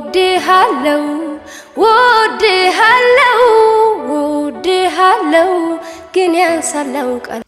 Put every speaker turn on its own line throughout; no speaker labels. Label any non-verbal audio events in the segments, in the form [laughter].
ወድሃለው ወድሃለው ወድሃለው ግን ያንሳለው ቃል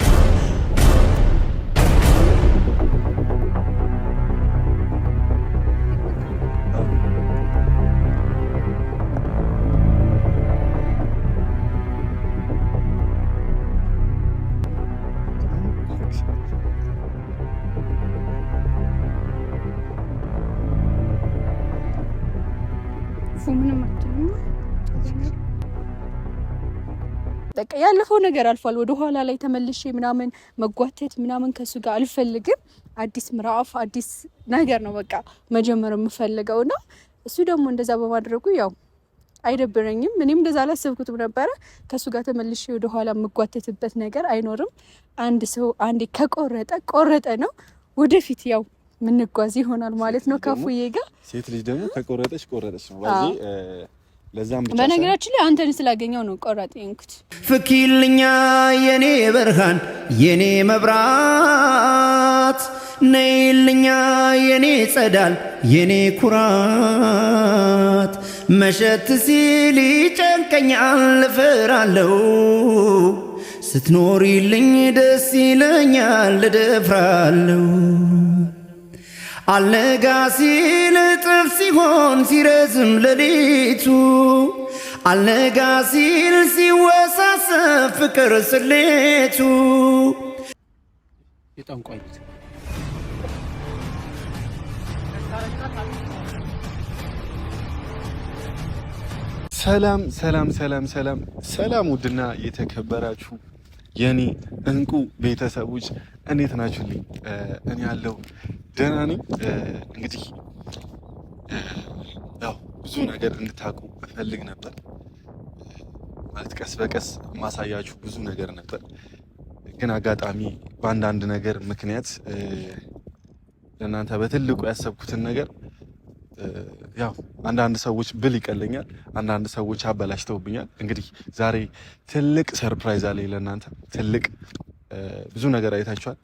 በቃ ያለፈው ነገር አልፏል። ወደ ኋላ ላይ ተመልሼ ምናምን መጓተት ምናምን ከሱ ጋር አልፈልግም። አዲስ ምዕራፍ አዲስ ነገር ነው በቃ መጀመር የምፈልገው ነው እሱ ደግሞ እንደዛ በማድረጉ ያው አይደብረኝም። እኔም እንደዛ አላሰብኩትም ነበረ። ከእሱ ጋር ተመልሼ ወደኋላ የምጓተትበት ነገር አይኖርም። አንድ ሰው አንዴ ከቆረጠ ቆረጠ ነው። ወደፊት ያው ምንጓዝ ይሆናል ማለት ነው። ካፉዬ ጋር
ሴት ልጅ ደግሞ ከቆረጠች ቆረጠች ነው
በነገራችን ላይ አንተን ስላገኘው ነው ቆራጥ የንኩት።
ፍኪልኛ የኔ ብርሃን የኔ መብራት ነይልኛ የኔ ጸዳል የኔ ኩራት መሸት ሲል ይጨንቀኛል ልፍራለው ስትኖሪልኝ ደስ ይለኛል ልደፍራለው አልነጋ ሲል እጥፍ ሲሆን ሲረዝም ሌሊቱ አልነጋ ሲል ሲወሳሰብ ፍቅር ስሌቱ
የጠንቋይ ሰላም ሰላም ሰላም ሰላም ሰላም ውድና የተከበራችሁ የኔ እንቁ ቤተሰቦች እንዴት ናችሁልኝ? እኔ ያለው ደህና ነኝ። እንግዲህ ያው ብዙ ነገር እንድታውቁ እፈልግ ነበር ማለት ቀስ በቀስ ማሳያችሁ ብዙ ነገር ነበር፣ ግን አጋጣሚ በአንዳንድ ነገር ምክንያት ለእናንተ በትልቁ ያሰብኩትን ነገር ያው አንዳንድ ሰዎች ብል ይቀለኛል፣ አንዳንድ ሰዎች አበላሽተውብኛል። እንግዲህ ዛሬ ትልቅ ሰርፕራይዝ አለኝ ለእናንተ ትልቅ ብዙ ነገር አይታችኋል።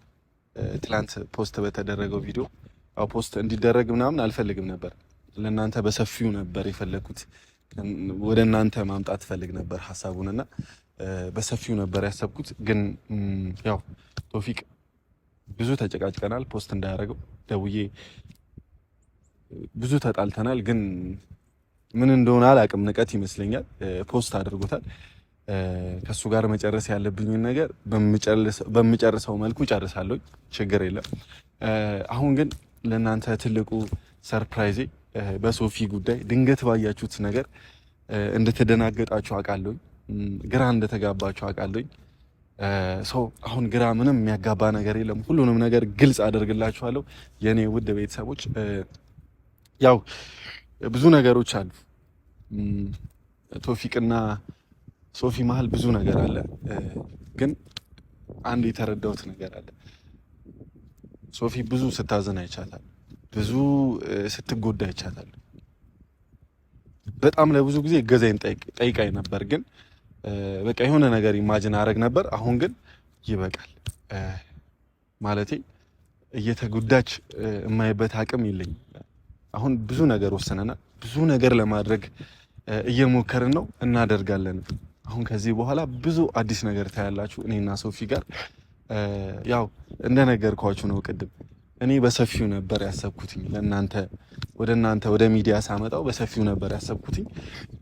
ትላንት ፖስት በተደረገው ቪዲዮ ያው ፖስት እንዲደረግ ምናምን አልፈልግም ነበር። ለእናንተ በሰፊው ነበር የፈለግኩት። ወደ እናንተ ማምጣት ፈልግ ነበር እና በሰፊው ነበር ያሰብኩት። ግን ያው ቶፊቅ ብዙ ተጨቃጭቀናል። ፖስት እንዳያደረገው ደውዬ ብዙ ተጣልተናል። ግን ምን እንደሆነ አላቅም። ንቀት ይመስለኛል ፖስት አድርጎታል። ከእሱ ጋር መጨረስ ያለብኝን ነገር በምጨርሰው መልኩ ጨርሳለሁ። ችግር የለም። አሁን ግን ለእናንተ ትልቁ ሰርፕራይዜ በሶፊ ጉዳይ ድንገት ባያችሁት ነገር እንደተደናገጣችሁ አውቃለሁ። ግራ እንደተጋባችሁ አውቃለሁ። ሰው አሁን ግራ ምንም የሚያጋባ ነገር የለም። ሁሉንም ነገር ግልጽ አደርግላችኋለሁ የእኔ ውድ ቤተሰቦች። ያው ብዙ ነገሮች አሉ ቶፊቅና ሶፊ መሀል ብዙ ነገር አለ፣ ግን አንድ የተረዳሁት ነገር አለ። ሶፊ ብዙ ስታዘን አይቻታል፣ ብዙ ስትጎዳ ይቻታል በጣም ለብዙ ጊዜ እገዛይን ጠይቃኝ ነበር፣ ግን በቃ የሆነ ነገር ኢማጅን አረግ ነበር። አሁን ግን ይበቃል ማለቴ እየተጎዳች የማይበት አቅም ይለኝ አሁን ብዙ ነገር ወሰነናል። ብዙ ነገር ለማድረግ እየሞከርን ነው፣ እናደርጋለን። አሁን ከዚህ በኋላ ብዙ አዲስ ነገር ታያላችሁ እኔና ሶፊ ጋር። ያው እንደነገርኳችሁ ነው ቅድም እኔ በሰፊው ነበር ያሰብኩትኝ ለእናንተ ወደ እናንተ ወደ ሚዲያ ሳመጣው በሰፊው ነበር ያሰብኩትኝ።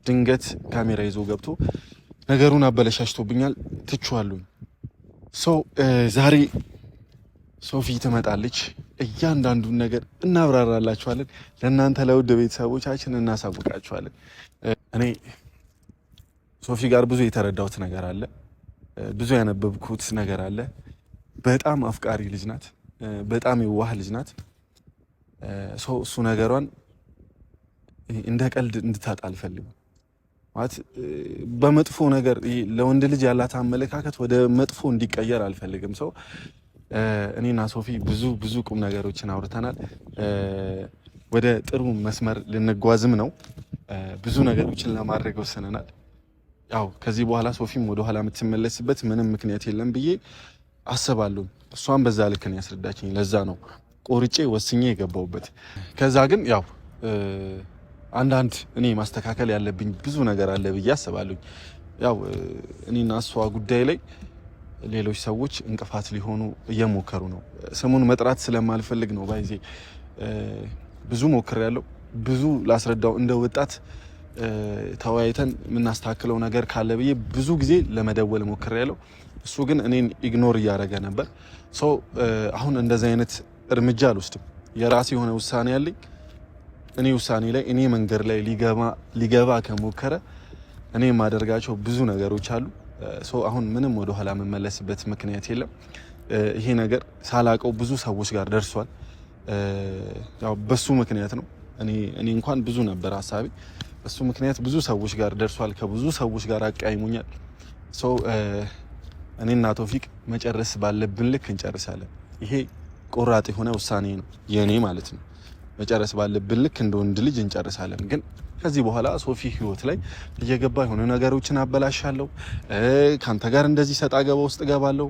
ድንገት ካሜራ ይዞ ገብቶ ነገሩን አበለሻሽቶብኛል። ትችዋሉኝ። ዛሬ ሶፊ ትመጣለች። እያንዳንዱን ነገር እናብራራላችኋለን። ለእናንተ ለውድ ቤተሰቦቻችን እናሳውቃችኋለን። እኔ ሶፊ ጋር ብዙ የተረዳሁት ነገር አለ፣ ብዙ ያነበብኩት ነገር አለ። በጣም አፍቃሪ ልጅ ናት፣ በጣም የዋህ ልጅ ናት። ሰው እሱ ነገሯን እንደ ቀልድ እንድታጣ አልፈልግም። ማለት በመጥፎ ነገር ለወንድ ልጅ ያላት አመለካከት ወደ መጥፎ እንዲቀየር አልፈልግም። ሰው እኔና ሶፊ ብዙ ብዙ ቁም ነገሮችን አውርተናል። ወደ ጥሩ መስመር ልንጓዝም ነው። ብዙ ነገሮችን ለማድረግ ወስነናል። ያው ከዚህ በኋላ ሶፊም ወደኋላ የምትመለስበት ምንም ምክንያት የለም ብዬ አስባለሁ። እሷን በዛ ልክ ነው ያስረዳችኝ። ለዛ ነው ቆርጬ ወስኜ የገባውበት። ከዛ ግን ያው አንዳንድ እኔ ማስተካከል ያለብኝ ብዙ ነገር አለ ብዬ አስባለሁ። ያው እኔና እሷ ጉዳይ ላይ ሌሎች ሰዎች እንቅፋት ሊሆኑ እየሞከሩ ነው። ስሙን መጥራት ስለማልፈልግ ነው። ባይዜ ብዙ ሞክሬያለሁ፣ ብዙ ላስረዳው እንደ ወጣት ተወያይተን የምናስተካክለው ነገር ካለ ብዬ ብዙ ጊዜ ለመደወል ሞክር ያለው እሱ ግን እኔን ኢግኖር እያደረገ ነበር። ሰው አሁን እንደዚህ አይነት እርምጃ አልወስድም። የራሴ የሆነ ውሳኔ ያለኝ። እኔ ውሳኔ ላይ እኔ መንገድ ላይ ሊገባ ከሞከረ እኔ የማደርጋቸው ብዙ ነገሮች አሉ። ሰው አሁን ምንም ወደኋላ የምመለስበት ምክንያት የለም። ይሄ ነገር ሳላቀው ብዙ ሰዎች ጋር ደርሷል። ያው በሱ ምክንያት ነው። እኔ እንኳን ብዙ ነበር ሀሳቤ እሱ ምክንያት ብዙ ሰዎች ጋር ደርሷል፣ ከብዙ ሰዎች ጋር አቀያይሙኛል። ሰው እኔና ቶፊቅ መጨረስ ባለብን ልክ እንጨርሳለን። ይሄ ቆራጥ የሆነ ውሳኔ ነው የእኔ ማለት ነው። መጨረስ ባለብን ልክ እንደ ወንድ ልጅ እንጨርሳለን። ግን ከዚህ በኋላ ሶፊ ህይወት ላይ እየገባ የሆነ ነገሮችን አበላሻለሁ፣ ከአንተ ጋር እንደዚህ ሰጣ ገባ ውስጥ እገባለሁ፣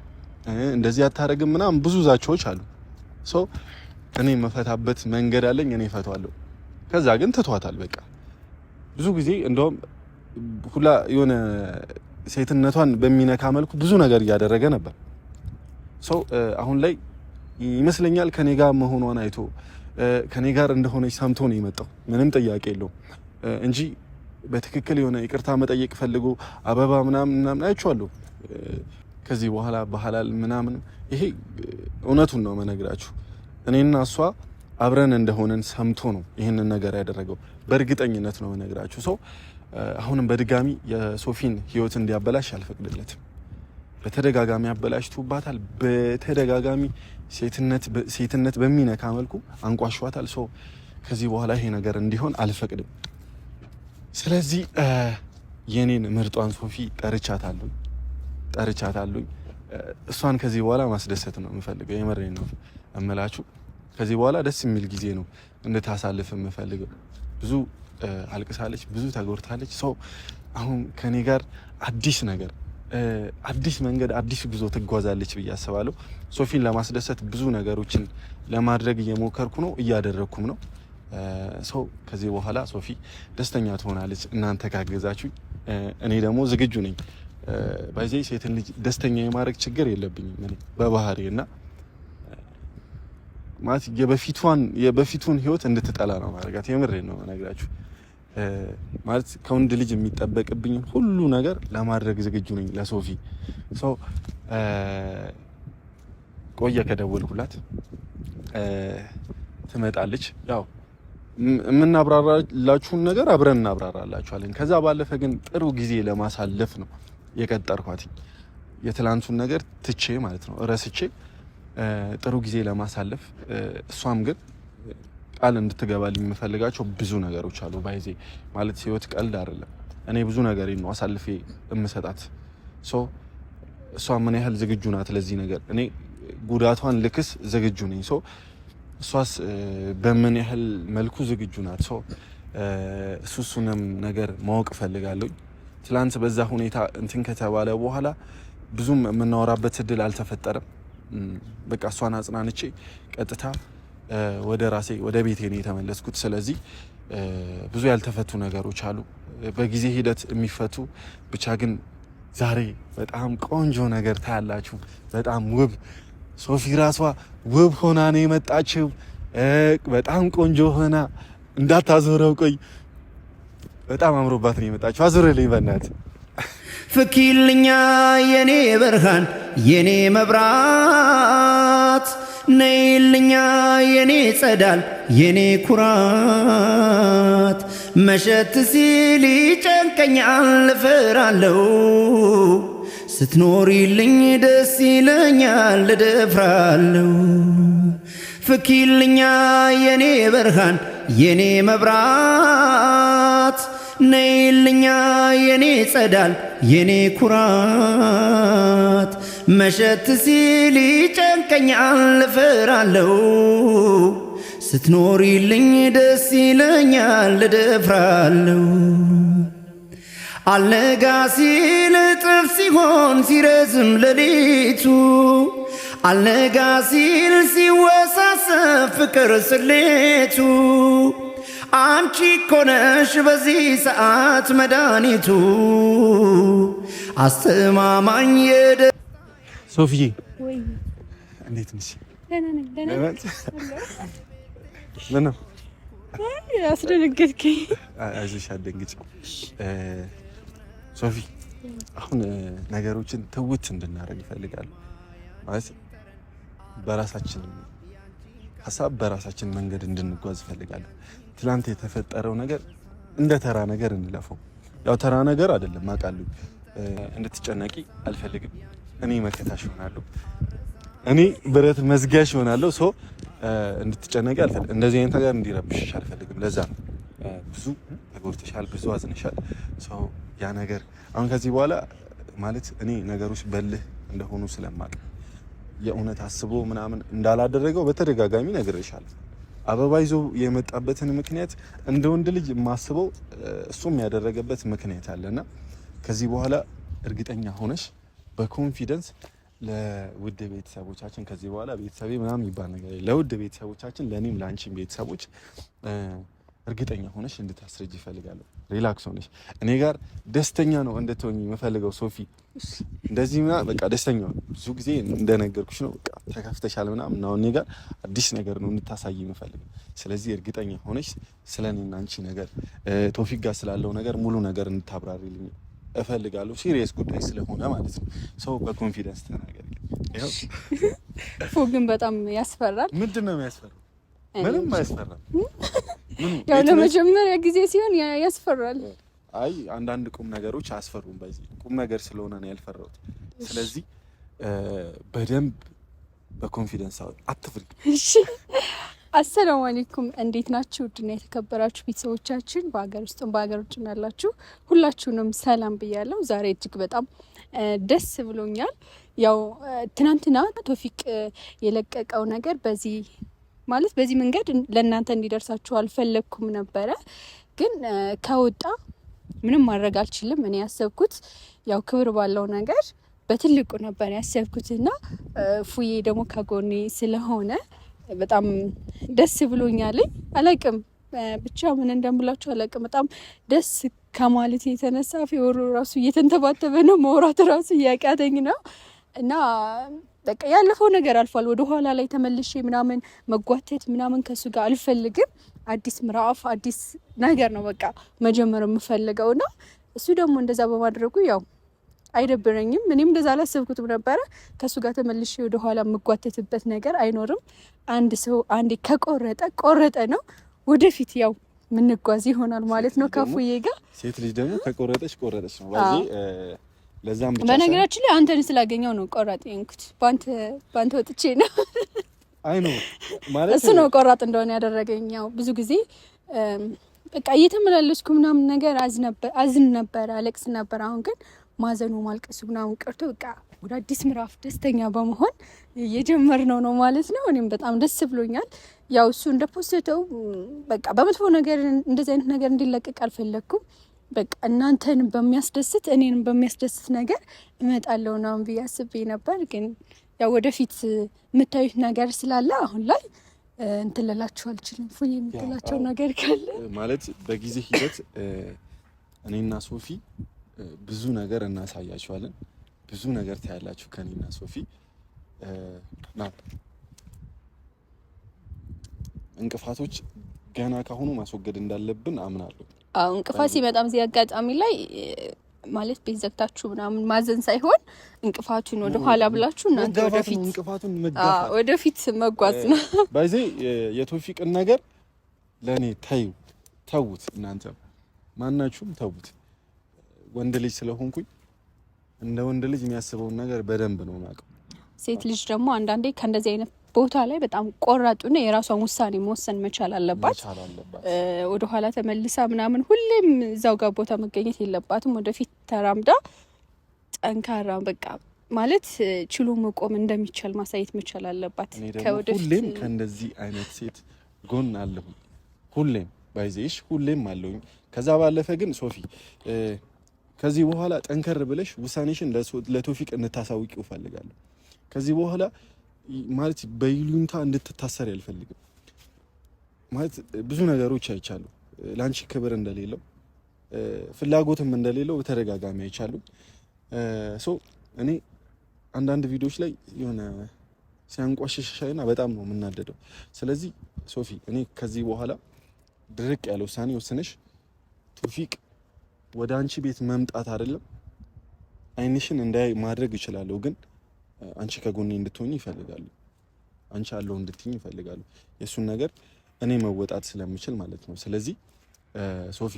እንደዚህ አታረግም ምናምን ብዙ ዛቻዎች አሉ። እኔ መፈታበት መንገድ አለኝ፣ እኔ እፈታዋለሁ። ከዛ ግን ትቷታል በቃ ብዙ ጊዜ እንደውም ሁላ የሆነ ሴትነቷን በሚነካ መልኩ ብዙ ነገር እያደረገ ነበር። ሰው አሁን ላይ ይመስለኛል ከኔ ጋር መሆኗን አይቶ ከኔ ጋር እንደሆነች ሰምቶ ነው የመጣው። ምንም ጥያቄ የለው እንጂ በትክክል የሆነ ይቅርታ መጠየቅ ፈልጎ አበባ ምናምን ምናምን አይቼዋለሁ። ከዚህ በኋላ ባህላል ምናምን ይሄ እውነቱን ነው መነግራችሁ። እኔና እሷ አብረን እንደሆነን ሰምቶ ነው ይህንን ነገር ያደረገው። በእርግጠኝነት ነው የምነግራችሁ። ሰው አሁንም በድጋሚ የሶፊን ህይወት እንዲያበላሽ አልፈቅድለትም። በተደጋጋሚ አበላሽቶባታል። በተደጋጋሚ ሴትነት በሚነካ መልኩ አንቋሸዋታል። ሰው ከዚህ በኋላ ይሄ ነገር እንዲሆን አልፈቅድም። ስለዚህ የኔን ምርጧን ሶፊ ጠርቻታለሁ ጠርቻታለሁ። እሷን ከዚህ በኋላ ማስደሰት ነው የምፈልገው። የመሬ ነው እምላችሁ። ከዚህ በኋላ ደስ የሚል ጊዜ ነው እንድታሳልፍ የምፈልገው። ብዙ አልቅሳለች፣ ብዙ ተጎድታለች። ሰው አሁን ከኔ ጋር አዲስ ነገር አዲስ መንገድ አዲስ ጉዞ ትጓዛለች ብዬ አስባለሁ። ሶፊን ለማስደሰት ብዙ ነገሮችን ለማድረግ እየሞከርኩ ነው፣ እያደረግኩም ነው። ሰው ከዚህ በኋላ ሶፊ ደስተኛ ትሆናለች እናንተ ካገዛችሁ። እኔ ደግሞ ዝግጁ ነኝ። በዚህ ሴትን ልጅ ደስተኛ የማድረግ ችግር የለብኝም በባህሪ እና ማለት የበፊቷን የበፊቱን ህይወት እንድትጠላ ነው ማድረጋት። የምሬ ነው ነግራችሁ ማለት ከወንድ ልጅ የሚጠበቅብኝን ሁሉ ነገር ለማድረግ ዝግጁ ነኝ። ለሶፊ ሰው ቆየ ከደወልኩላት ትመጣለች። ያው የምናብራራላችሁን ነገር አብረን እናብራራላችኋለን። ከዛ ባለፈ ግን ጥሩ ጊዜ ለማሳለፍ ነው የቀጠርኳት። የትላንቱን ነገር ትቼ ማለት ነው ረስቼ ጥሩ ጊዜ ለማሳለፍ እሷም ግን ቃል እንድትገባልኝ የምፈልጋቸው ብዙ ነገሮች አሉ። ባይዜ ማለት ህይወት ቀልድ አይደለም። እኔ ብዙ ነገር ነው አሳልፌ የምሰጣት። እሷ ምን ያህል ዝግጁ ናት ለዚህ ነገር? እኔ ጉዳቷን ልክስ ዝግጁ ነኝ። እሷስ በምን ያህል መልኩ ዝግጁ ናት? እሱ እሱንም ነገር ማወቅ እፈልጋለሁ። ትላንት በዛ ሁኔታ እንትን ከተባለ በኋላ ብዙም የምናወራበት እድል አልተፈጠረም። በቃ እሷን አጽናንቼ ቀጥታ ወደ ራሴ ወደ ቤቴ ነው የተመለስኩት። ስለዚህ ብዙ ያልተፈቱ ነገሮች አሉ፣ በጊዜ ሂደት የሚፈቱ ብቻ ግን ዛሬ በጣም ቆንጆ ነገር ታያላችሁ። በጣም ውብ ሶፊ ራሷ ውብ ሆና ነው የመጣችው። በጣም ቆንጆ ሆና እንዳታዞረው ቆይ፣ በጣም አምሮባት ነው የመጣችው። አዞረ ልኝ በናት ፍኪልኛ የኔ ብርሃን የኔ መብራት ነይልኛ የኔ ጸዳል የኔ ኩራት መሸት ሲል ይጨንቀኛል እፈራለሁ ስትኖሪልኝ ደስ ይለኛል ልደፍራለሁ ፍኪልኛ የኔ ብርሃን የኔ መብራት ነይልኛ የኔ ጸዳል የኔ ኩራት መሸት ሲል ይጨንቀኛል እፈራለሁ ስትኖሪልኝ ደስ ይለኛል እደፍራለሁ አልነጋ ሲል እጥፍ ሲሆን ሲረዝም ሌሊቱ አልነጋ ሲል ሲወሳሰብ ፍቅር ስሌቱ አንቺ እኮ ነሽ በዚህ ሰዓት መድኃኒቱ አስተማማኝ የደ ሶፊዬ እንዴት ነሽ? ምነው አስደነገጥከኝ? አይዞሽ አትደንግጭ ሶፊ። አሁን ነገሮችን ትውት እንድናደርግ ይፈልጋሉ ማለት በራሳችን ሀሳብ በራሳችን መንገድ እንድንጓዝ ይፈልጋሉ። ትላንት የተፈጠረው ነገር እንደ ተራ ነገር እንለፈው። ያው ተራ ነገር አይደለም አውቃለሁ። እንድትጨነቂ አልፈልግም። እኔ መከታሽ ሆናለሁ፣ እኔ ብረት መዝጊያሽ ሆናለሁ። ሶ እንድትጨነቂ አልፈልግም። እንደዚህ አይነት ነገር እንዲረብሽሽ አልፈልግም። ለዛ ብዙ ተጎድተሻል፣ ብዙ አዝነሻል። ሰው ያ ነገር አሁን ከዚህ በኋላ ማለት እኔ ነገሮች በልህ እንደሆኑ ስለማቅ የእውነት አስቦ ምናምን እንዳላደረገው በተደጋጋሚ ነግሬሻለሁ። አበባ ይዞ የመጣበትን ምክንያት እንደ ወንድ ልጅ የማስበው እሱም ያደረገበት ምክንያት አለና ከዚህ በኋላ እርግጠኛ ሆነሽ በኮንፊደንስ ለውድ ቤተሰቦቻችን ከዚህ በኋላ ቤተሰቤ ምናምን ይባል ነገር ለውድ ቤተሰቦቻችን ለእኔም ለአንቺም ቤተሰቦች እርግጠኛ ሆነሽ እንድታስረጅ ይፈልጋለሁ። ሪላክስ ሆነሽ እኔ ጋር ደስተኛ ነው እንድትሆኝ የምፈልገው ሶፊ። እንደዚህ ምናምን በቃ ደስተኛ ብዙ ጊዜ እንደነገርኩሽ ነው በቃ ተከፍተሻል ምናምን እና እኔ ጋር አዲስ ነገር ነው እንድታሳይ የምፈልገው። ስለዚህ እርግጠኛ ሆነሽ ስለ እኔና አንቺ ነገር ቶፊክ ጋር ስላለው ነገር ሙሉ ነገር እንድታብራሪልኝ እፈልጋለሁ። ሲሪየስ ጉዳይ ስለሆነ ማለት ነው። ሰው በኮንፊደንስ ተናገር። ግን በጣም ያስፈራል። ምንድን ነው የሚያስፈራው? ምንም አያስፈራም። [laughs] ያው ለመጀመሪያ ጊዜ ሲሆን ያስፈራል። አይ አንዳንድ ቁም ነገሮች አያስፈሩም። በዚህ ቁም ነገር ስለሆነ ነው ያልፈራሁት። ስለዚህ በደንብ በኮንፊደንስ አትፍሪ። እሺ። አሰላሙ አለይኩም እንዴት ናችሁ? ውድና የተከበራችሁ ቤተሰቦቻችን በሀገር ውስጥም በሀገር ውጭም ያላችሁ ሁላችሁንም ሰላም ብያለሁ። ዛሬ እጅግ በጣም ደስ ብሎኛል። ያው ትናንትና ቶፊቅ የለቀቀው ነገር በዚህ ማለት በዚህ መንገድ ለእናንተ እንዲደርሳችሁ አልፈለግኩም ነበረ፣ ግን ከወጣ ምንም ማድረግ አልችልም። እኔ ያሰብኩት ያው ክብር ባለው ነገር በትልቁ ነበር ያሰብኩት እና ፉዬ ደግሞ ከጎኔ ስለሆነ በጣም ደስ ብሎኛልኝ። አላቅም ብቻ ምን እንደምላችሁ አላቅም። በጣም ደስ ከማለት የተነሳ ፌወሩ ራሱ እየተንተባተበ ነው። መውራት ራሱ እያቃተኝ ነው። እና በቃ ያለፈው ነገር አልፏል። ወደ ኋላ ላይ ተመልሼ ምናምን መጓተት ምናምን ከሱ ጋር አልፈልግም። አዲስ ምዕራፍ አዲስ ነገር ነው በቃ መጀመር የምፈልገው እና እሱ ደግሞ እንደዛ በማድረጉ ያው አይደብረኝም። እኔም እንደዛ አላሰብኩትም ነበረ። ከእሱ ጋር ተመልሼ ወደኋላ የምጓተትበት ነገር አይኖርም። አንድ ሰው አንዴ ከቆረጠ ቆረጠ ነው። ወደፊት ያው ምንጓዝ ይሆናል ማለት ነው። ካፉዬ ጋር ሴት ልጅ ደግሞ ከቆረጠች ቆረጠች ነው ለዛም ብቻ በነገራችን ላይ አንተን ስላገኘው ነው ቆራጥ የሆንኩት። በአንተ በአንተ ወጥቼ ነው። አይ ነው ማለት እሱ ነው ቆራጥ እንደሆነ ያደረገኝ። ያው ብዙ ጊዜ በቃ እየተመላለስኩ ምናምን ነገር አዝን ነበር፣ አለቅስ ነበር። አሁን ግን ማዘኑ ማልቀሱ ምናምን ቀርቶ በቃ ወደ አዲስ ምዕራፍ ደስተኛ በመሆን እየጀመርነው ነው ማለት ነው። እኔም በጣም ደስ ብሎኛል። ያው እሱ እንደፖስተው በቃ በመጥፎ ነገር እንደዚህ አይነት ነገር እንዲለቀቅ አልፈለግኩም። በቃ እናንተን በሚያስደስት እኔን በሚያስደስት ነገር እመጣለሁ ነው ብዬ አስቤ ነበር። ግን ያው ወደፊት የምታዩት ነገር ስላለ አሁን ላይ እንትን አልችልም። ፉ የምትላቸው ነገር ካለ ማለት በጊዜ ሂደት እኔና ሶፊ ብዙ ነገር እናሳያችኋለን። ብዙ ነገር ታያላችሁ ከኔና ሶፊ ና እንቅፋቶች ገና ካሁኑ ማስወገድ እንዳለብን አምናለሁ። እንቅፋት ሲመጣም እዚህ አጋጣሚ ላይ ማለት ቤት ዘግታችሁ ምናምን ማዘን ሳይሆን እንቅፋቱን ወደ ኋላ ብላችሁ እናንተ ወደፊት መጓዝ ነው። [laughs] ባይዜ የቶፊቅን ነገር ለእኔ ታዩ ተዉት። እናንተ ማናችሁም ተዉት። ወንድ ልጅ ስለሆንኩኝ እንደ ወንድ ልጅ የሚያስበውን ነገር በደንብ ነው ማቀው። ሴት ልጅ ደግሞ አንዳንዴ ከእንደዚህ አይነት ቦታ ላይ በጣም ቆራጡና የራሷን ውሳኔ መወሰን መቻል አለባት። ወደኋላ ተመልሳ ምናምን ሁሌም እዛው ጋር ቦታ መገኘት የለባትም። ወደፊት ተራምዳ ጠንካራ በቃ ማለት ችሎ መቆም እንደሚቻል ማሳየት መቻል አለባት። ሁሌም ከእንደዚህ አይነት ሴት ጎን አለሁ ሁሌም ባይዜሽ ሁሌም አለሁኝ። ከዛ ባለፈ ግን ሶፊ ከዚህ በኋላ ጠንከር ብለሽ ውሳኔሽን ለቶፊቅ እንታሳውቂው እፈልጋለሁ። ከዚህ በኋላ ማለት በይሉኝታ እንድትታሰር አልፈልግም። ማለት ብዙ ነገሮች አይቻሉ። ለአንቺ ክብር እንደሌለው ፍላጎትም እንደሌለው በተደጋጋሚ አይቻሉ። ሶ እኔ አንዳንድ ቪዲዮዎች ላይ የሆነ ሲያንቋሽሻይና በጣም ነው የምናደደው። ስለዚህ ሶፊ እኔ ከዚህ በኋላ ድርቅ ያለ ውሳኔ ወስነሽ ቱፊቅ ወደ አንቺ ቤት መምጣት አይደለም አይንሽን እንዳይ ማድረግ እችላለሁ ግን አንቺ ከጎኔ እንድትሆኝ ይፈልጋሉ። አንቺ አለው እንድትኝ ይፈልጋሉ። የእሱን ነገር እኔ መወጣት ስለምችል ማለት ነው። ስለዚህ ሶፊ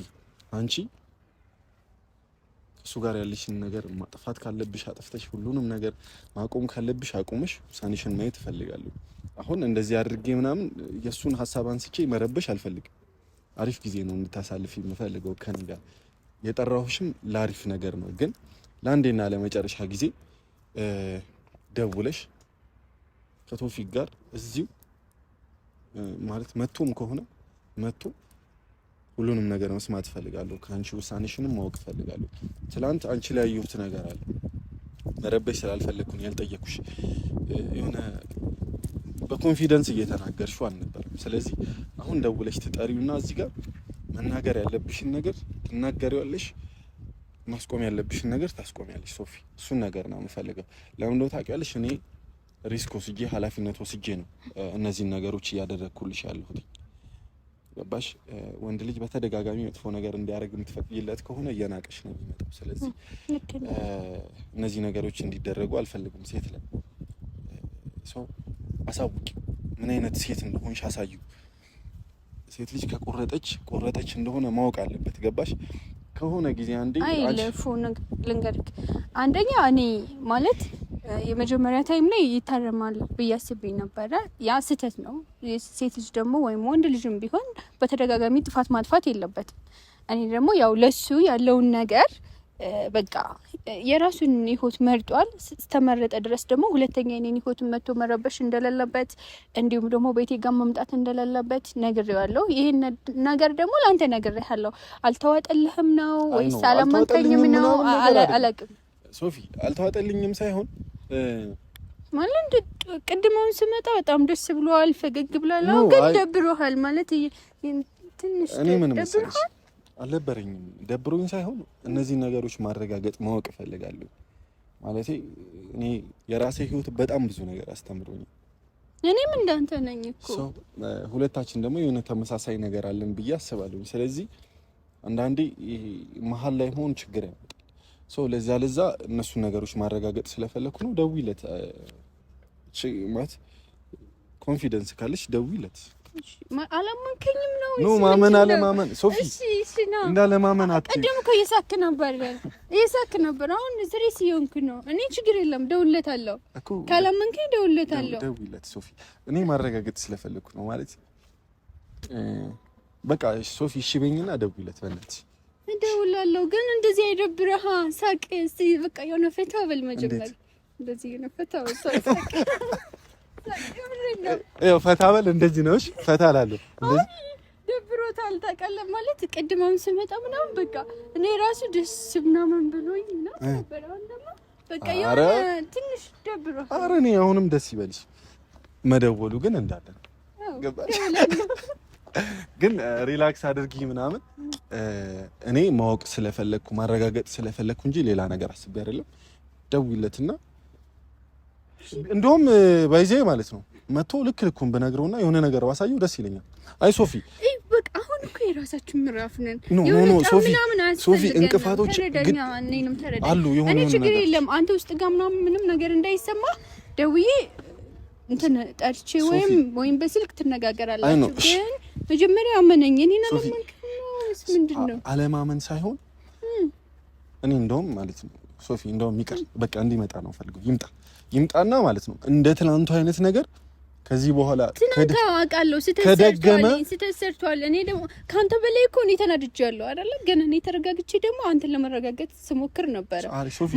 አንቺ እሱ ጋር ያለሽን ነገር ማጥፋት ካለብሽ አጥፍተሽ፣ ሁሉንም ነገር ማቆም ካለብሽ አቁመሽ ውሳኔሽን ማየት እፈልጋለሁ። አሁን እንደዚህ አድርጌ ምናምን የእሱን ሀሳብ አንስቼ መረበሽ አልፈልግም። አሪፍ ጊዜ ነው እንድታሳልፍ የምፈልገው ከኔ ጋር። የጠራሁሽም ለአሪፍ ነገር ነው፣ ግን ለአንዴና ለመጨረሻ ጊዜ ደውለሽ ከቶፊቅ ጋር እዚሁ ማለት መቶም ከሆነ መቶ ሁሉንም ነገር መስማት እፈልጋለሁ። ከአንቺ ውሳኔሽንም ማወቅ እፈልጋለሁ። ትላንት አንቺ ላይ ያየሁት ነገር አለ። መረበሽ ስላልፈለግኩኝ ያልጠየኩሽ የሆነ በኮንፊደንስ እየተናገርሽው አልነበረም። ስለዚህ አሁን ደውለሽ ትጠሪውና እዚህ ጋር መናገር ያለብሽን ነገር ትናገሪዋለሽ። ማስቆም ያለብሽን ነገር ታስቆሚያለሽ ሶፊ። እሱን ነገር ነው የምፈልገው። ለምን እንደው ታውቂያለሽ፣ እኔ ሪስክ ወስጄ ኃላፊነት ወስጄ ነው እነዚህን ነገሮች እያደረግኩልሽ ያለሁት። ገባሽ? ወንድ ልጅ በተደጋጋሚ መጥፎ ነገር እንዲያደርግ የምትፈቅጂለት ከሆነ እየናቀሽ ነው የሚመጣው። ስለዚህ እነዚህ ነገሮች እንዲደረጉ አልፈልግም። ሴት ላይ ሰው አሳውቂ፣ ምን አይነት ሴት እንደሆንሽ አሳዩ። ሴት ልጅ ከቆረጠች ቆረጠች እንደሆነ ማወቅ አለበት። ገባሽ? ከሆነ ጊዜ አንዴ ልንገርክ። አንደኛ እኔ ማለት የመጀመሪያ ታይም ላይ ይታረማል ብዬ አስቤኝ ነበረ። ያ ስህተት ነው። ሴት ልጅ ደግሞ ወይም ወንድ ልጅም ቢሆን በተደጋጋሚ ጥፋት ማጥፋት የለበትም። እኔ ደግሞ ያው ለሱ ያለውን ነገር በቃ የራሱን ኒሆት መርጧል። ስተመረጠ ድረስ ደግሞ ሁለተኛ የኔን ህይወትን መጥቶ መረበሽ እንደሌለበት እንዲሁም ደግሞ ቤቴ ጋር መምጣት እንደሌለበት ነግሬዋለሁ። ይህን ነገር ደግሞ ለአንተ ነግሬሃለሁ። አልተዋጠልህም ነው ወይስ አላማንከኝም ነው? አላቅም ሶፊ፣ አልተዋጠልኝም ሳይሆን ማለት ቅድመውን ስመጣ በጣም ደስ ብሎሃል፣ ፈገግ ብሏል። ግን ደብሮሃል ማለት ትንሽ ደብሮሃል አልነበረኝም። ደብሮኝ ሳይሆን እነዚህን ነገሮች ማረጋገጥ ማወቅ እፈልጋለሁ። ማለት እኔ የራሴ ህይወት በጣም ብዙ ነገር አስተምሮኝ እኔም እንዳንተ ነኝ እኮ ሁለታችን ደግሞ የሆነ ተመሳሳይ ነገር አለን ብዬ አስባለሁ። ስለዚህ አንዳንዴ መሀል ላይ መሆን ችግር ያመጣል። ሰው ለዛ ለዛ እነሱን ነገሮች ማረጋገጥ ስለፈለኩ ነው። ደውይለት ማለት ኮንፊደንስ ካለች ደውይለት። አላመንከኝም ነው? ኖ ማመን አለማመን ሶፊ፣ እንዳለማመን አትይ። ቅድም እኮ እየሳክ ነበር፣ እየሳክ ነበር። አሁን ስሬስ እየሆንክ ነው። እኔ ችግር የለም እደውልለታለሁ። ካላመንከኝ እደውልለታለሁ። ደውይለት ሶፊ። እኔ ማረጋገጥ ስለፈለኩ ነው ማለት በቃ። ሶፊ እሺ በይኝና ደውይለት በእናትሽ። እደውላለሁ፣ ግን እንደዚህ አይደብረህ። ሳቅ እስኪ በቃ የሆነ ፈታ በል መጀመሪያ እንደዚህ የሆነ ፈታ በል ሳቅ ያው ፈታ በል እንደዚህ ነው። እሺ ፈታ እላለሁ። ደብሮታል። ተቀለም ማለት ቅድመም ስመጣ ምናምን በቃ እኔ ራሱ ደስ ምናምን ብሎኝ ነው ነበር። አሁን ደግሞ በቃ የሆነ ትንሽ ደብሮ። አረ እኔ አሁንም ደስ ይበልሽ። መደወሉ ግን እንዳለ ግን ሪላክስ አድርጊ ምናምን እኔ ማወቅ ስለፈለግኩ ማረጋገጥ ስለፈለግኩ እንጂ ሌላ ነገር አስቤ አይደለም። ደውይለትና እንደውም ባይዜ ማለት ነው መቶ ልክ ልኩን ብነግረውና የሆነ ነገር ባሳየው ደስ ይለኛል። አይ ሶፊ አሁን እኮ የራሳችን ምዕራፍ ነን። ሶፊ እንቅፋቶች አሉ። የሆነ ችግር የለም አንተ ውስጥ ጋር ምናምን ምንም ነገር እንዳይሰማ ደውዬ እንትን ጠርቼ ወይም ወይም በስልክ ትነጋገራላችሁ። ግን መጀመሪያ አመነኝ። ምንድን ነው አለማመን ሳይሆን እኔ እንደውም ማለት ነው ሶፊ እንደውም ይቅር በቃ እንዲመጣ ነው ፈልገው ይምጣ ይምጣና ማለት ነው እንደ ትናንቱ አይነት ነገር ከዚህ በኋላ ትናንታዋቃለሁ ስተሰርቷል። እኔ ደግሞ ከአንተ በላይ እኮ እኔ ተናድጃለሁ አይደለ? ግን እኔ ተረጋግቼ ደግሞ አንተን ለመረጋጋት ስሞክር ነበረ።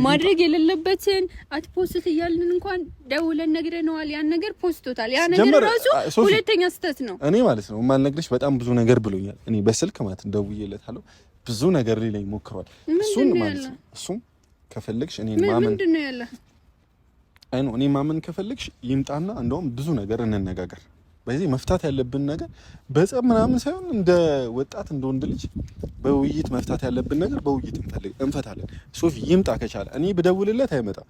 ማድረግ የሌለበትን አትፖስት እያልን እንኳን ደውለን ነግረነዋል። ያን ነገር ፖስቶታል። ያ ነገር ራሱ ሁለተኛ ስህተት ነው። እኔ ማለት ነው የማልነግርሽ በጣም ብዙ ነገር ብሎኛል። እኔ በስልክ ማለት ደውዬለታለሁ። ብዙ ነገር ሊለኝ ሞክሯል። እሱን ማለት ነው እሱም ከፈለግሽ እኔን ማመን ምንድን ነው ያለ አይ ነው እኔ ማመን ከፈለግሽ ይምጣና እንደውም ብዙ ነገር እንነጋገር። በዚህ መፍታት ያለብን ነገር በጸብ ምናምን ሳይሆን እንደ ወጣት እንደ ወንድ ልጅ በውይይት መፍታት ያለብን ነገር በውይይት እንፈልግ እንፈታለን። ሶፊ ይምጣ ከቻለ እኔ ብደውልለት አይመጣም።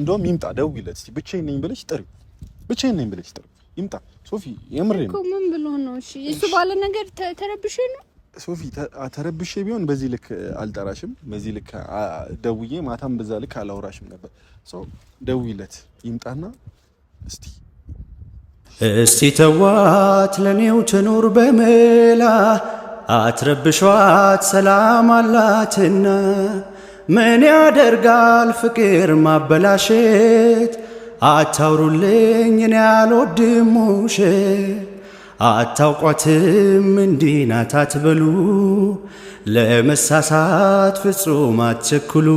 እንደውም ይምጣ ደውይለት እስቲ ብቻዬን ነኝ ብለሽ ጥሪ፣ ብቻዬን ነኝ ብለሽ ጥሪ። ይምጣ ሶፊ፣ የምሬ ነው። ምን ብሎ ነው? እሺ እሱ ባለ ነገር ተረብሽ ነው ሶፊ ተረብሼ ቢሆን በዚህ ልክ አልጠራሽም፣ በዚህ ልክ ደውዬ ማታም በዛ ልክ አላውራሽም ነበር። ደውይለት ይምጣና እስቲ እስቲ ተዋት ለኔው ትኑር በመላ አትረብሿት፣ ሰላም አላትና ምን ያደርጋል ፍቅር ማበላሸት። አታውሩልኝ እኔ አልወድም ውሸት አታውቋትም እንዲህ ናት አትበሉ፣ ለመሳሳት ፍጹም አትቸኩሉ።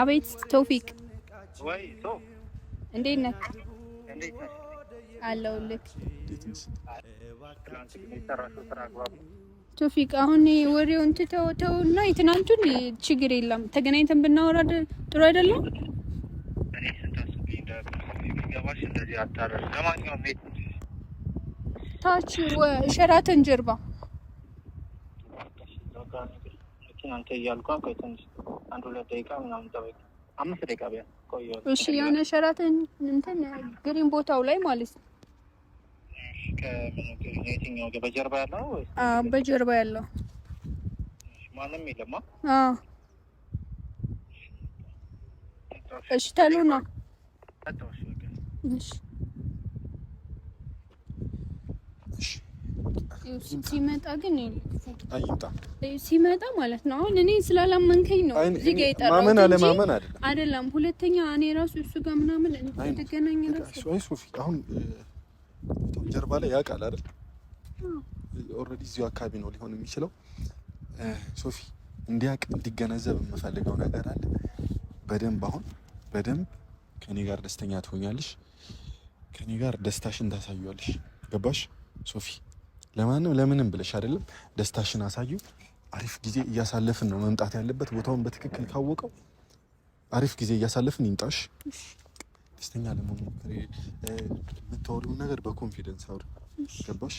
አቤት ቶፊቅ እንዴት ነህ? አለሁልህ ቶፊቅ። አሁን ወሬውን ትተው የትናንቱን ችግር የለም ተገናኝተን ብናወራ ጥሩ አይደለም። የሚገባሽ እንደዚህ አታረር። ለማንኛውም ሜት ታች ሸራተን ጀርባ አንተ እያልኳ ቆይ ትንሽ አንድ ሁለት ደቂቃ ምናምን ጠበቅ፣ አምስት ደቂቃ ቢያንስ ቆየሁ። እሺ የሆነ ሸራተን እንትን ግሪን ቦታው ላይ ማለት ነው። ከየትኛው በጀርባ ያለው? በጀርባ ያለው ማንም የለማ። እሺ ተሉ ነው ሲመጣ ግን ሲመጣ ማለት ነው። አሁን እኔ ስላላመንከኝ ነው እዚህ ጋር የጠራሁት። ማመን አለማመን አይደለም። ሁለተኛ እኔ ራሱ እሱ ጋር ምናምን ሶፊ፣ አሁን ጀርባ ላይ ያውቃል አይደል? ኦልሬዲ እዚሁ አካባቢ ነው ሊሆን የሚችለው። ሶፊ እንዲያውቅ እንዲገነዘብ የምፈልገው ነገር አለ። በደንብ አሁን በደንብ ከእኔ ጋር ደስተኛ ትሆኛለሽ። ከኔ ጋር ደስታሽን ታሳዩዋለሽ። ገባሽ ሶፊ? ለማንም ለምንም ብለሽ አይደለም፣ ደስታሽን አሳዩ። አሪፍ ጊዜ እያሳለፍን ነው መምጣት ያለበት። ቦታውን በትክክል ካወቀው አሪፍ ጊዜ እያሳለፍን ይምጣሽ። ደስተኛ ለመሞከር የምታወሪውን ነገር በኮንፊደንስ አውሪ። ገባሽ?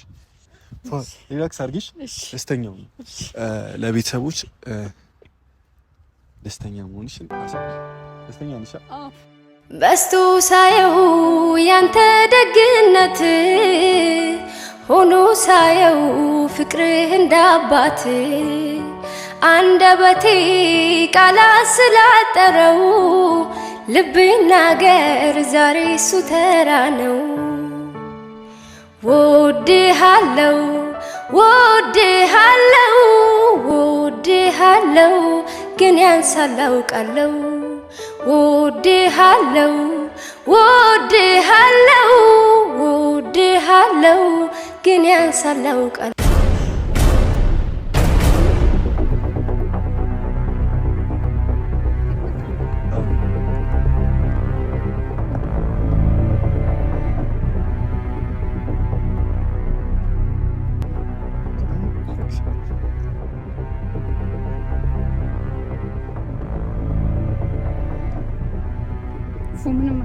ሪላክስ አድርጊሽ። ደስተኛው ለቤተሰቦች ደስተኛ መሆንሽን ደስተኛ ነሽ? በስቱ ሳየው ያንተ ደግነት ሆኖ ሳየው ፍቅርህ እንዳባት አንደበቴ ቃላት ስላጠረው ልብ ናገር ዛሬ እሱ ተራ ነው። ወድሃለው ወድሃለው ወድሃለው ግን ያንሳል አውቃለው ወድሃለው ወድሃለው ወድሃለው ግን ያንሳለው ቀል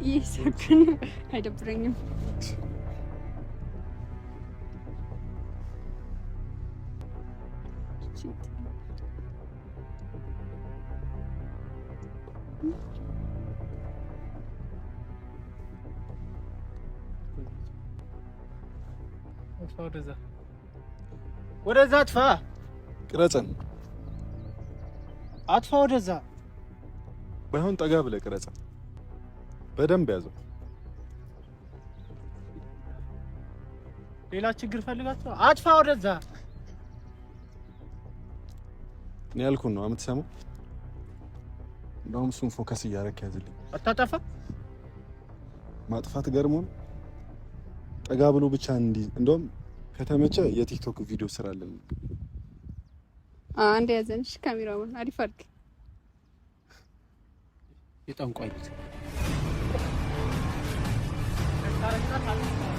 Yes, I can. I had to bring him. What is that? What is that for? Kratan. At for what is that? Behind the gable, በደንብ ያዘው። ሌላ ችግር ፈልጋችሁ አጥፋ፣ ወደዛ እኔ ያልኩን ነው የምትሰማው። እንደውም እሱን ፎከስ እያደረክ ያዝልኝ። አታጠፋ ማጥፋት ገርሞን ጠጋ ብሎ ብቻ እንዲህ። እንደውም ከተመቸ የቲክቶክ ቪዲዮ ስራ አለን። አንድ ያዘንሽ ካሜራውን አሪፍ አድርግ የጠንቋይት から皆さん。